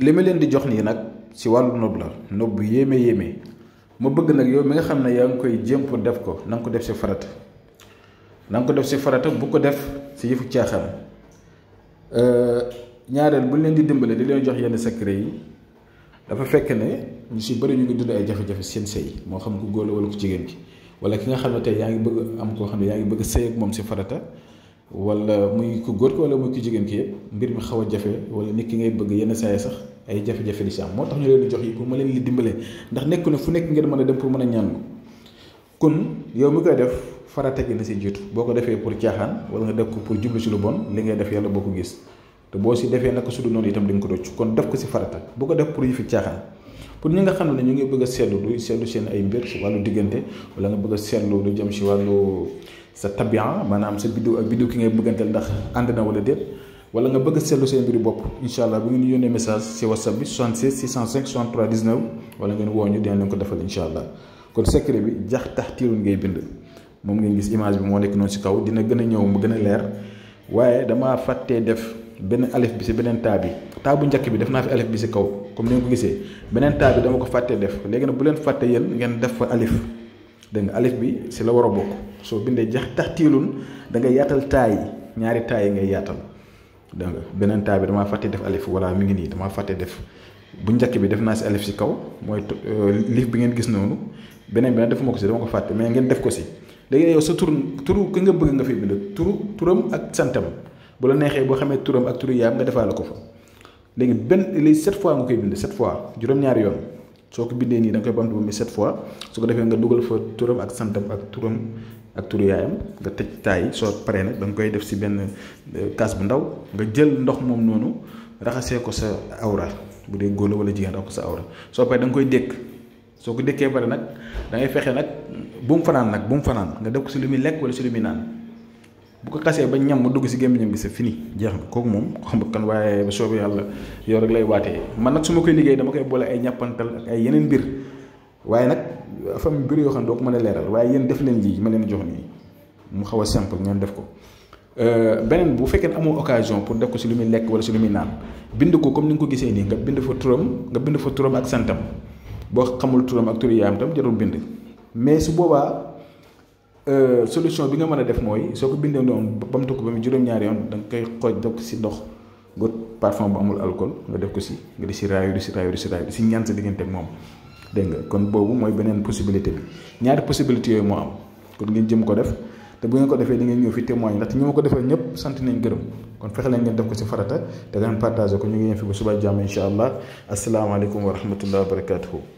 li ma leen di jox nii nag ci wàllu nob la nob bu yéeme yéeme ma bëgg nag yow mi nga xam ne yaa ngi koy jéem def ko nanga ko def si farata nanga ko def si farata bu ko def ci yëfu caaxaan euh, ñaareel bu leen di dimbale di leen jox yenn secret yi dafa fekk ne ñu ci bari ñu ngi dund ay jafe-jafe seen sëy moo xam ku góor la wala ku jigéen ki wala ki nga xam ne tey yaa ngi bëgg am koo xam ne yaa ngi bëgg sëy ak moom si farata. wala muy ko góor ki wala muy ku jigéen ki yëpp mbir mi xaw a jafe wala nit ki ngay bëgg yenn saa yi sax ay jafe-jafe di si moo tax ñu leen di jox yi pour ma leen li dimbalee ndax nekku ne fu nekk ngeen mën a dem pour mën a ñaan kon yow mi koy def farata gi na si jiitu boo ko defee pour caaxaan wala nga def ko pour jublu si lu bon li ngay def yàlla boo ko gis te boo si defee naka su du noonu itam di nga ko docc kon def ko si farata bu ko def pour yu fi caaxaan pour ñi nga xam ne ñu ngi bëgg a seetlu du seetlu seen ay mbir si wàllu diggante wala nga bëgg a seetlu lu jëm si wàllu sa tabian maanaam sa biddiw ak biddiw ki ngay bëgganteel ndax ànd na wala déet wala nga bëgg a seetlu seen mbiru bopp incha allah bu ngeen di yónnee message si whatsapp bi 76 605 63 19 wala ngeen woo ñu dinañ leen ko defal incha allah kon secret bi jax tax tiirun ngay bind moom ngeen gis image bi moo nekk noonu si kaw dina gën a ñëw mu gën a leer waaye damaa fàttee def. benn alif bi si beneen taa bi taa bu njëkk bi def naa fi alif bi si kaw comme ni nga ko gisee beneen taa dama ko fàttee def léegi nag bu leen fàtte yéen ngeen def fa alif dégg nga alif bi si la war a bokk soo bindee jax tax tiilun da nga yaatal taa yi ñaari taa yi ngay yaatal dégg beneen taa bi damaa fàttee def alif walla mi ngi nii damaa fàttee def bu njëkk bi def naa si alif si kaw mooy euh, liif bi ngeen gis noonu beneen bi nag defuma ko si dama ko fàtte mais ngeen def ko si léegi yow sa tur turu ki nga bëgg nga fi bind turu turam ak santam bu la neexee boo xamee turam ak turu yaayam nga defaale ko fa léegi benn léegi sept fois nga koy bind sept fois juróom-ñaari yoon soo ko bindee nii da koy bamtu ba mu sept fois su ko defee nga dugal fa turam ak santam ak turam ak turu yaayam nga tëj taay soo paree nag da nga koy def si benn euh, kaas bu ndaw nga jël ndox moom noonu raxasee ko sa awra bu dee góor wala jigéen rax sa awra soo da nga koy dékk soo ko dékkee pare nag da ngay fexe nag bu mu fanaan nag bu mu fanaan nga def ko si lu muy lekk wala si lu muy naan. bu ko kasse ba ñam mu dugg si gémmiñam bi c'est fini jeex na kooku moom xam kan waye ba soobu yalla yow rek lay waté man nak suma koy liggéey dama koy bolé ay ñapantal ak ay yenen bir waye nak fam bir yo xam do ko mëna léral waye yeen def leen lii ma leen jox ni mu xawa simple ñen def ko euh, benen bu fekkene amoo occasion pour def ko ci limi lek wala ci limi naan bind ko comme ni nga ko gisee ni nga bind fa turam nga bind fa turam ak santam bo xamul turam ak turiyam tam jarul bind mais su boba Euh, solution bi nga mën a def mooy soo ko bindee noonu ba mu tukk ba mu juróom-ñaari yoon da nga koy xooj def ko si ndox got parfum bu amul alcool nga def ko si nga si raayu si raayu di si si ñaan sa diggante ak moom dégg nga kon boobu mooy beneen possibilité bi ñaari possibilité moo am kon ngeen jëm ko def te bu ngeen ko defee di ngeen ñëw fi témoigne ndaxte ñu ma ko defal ñëpp sant nañ gërëm kon fexe leen ngeen def ko si farata te ngeen partagé ko ñu ngi yem fi ba suba jàmm incha allah asalaamaaleykum wa rahmatullah wa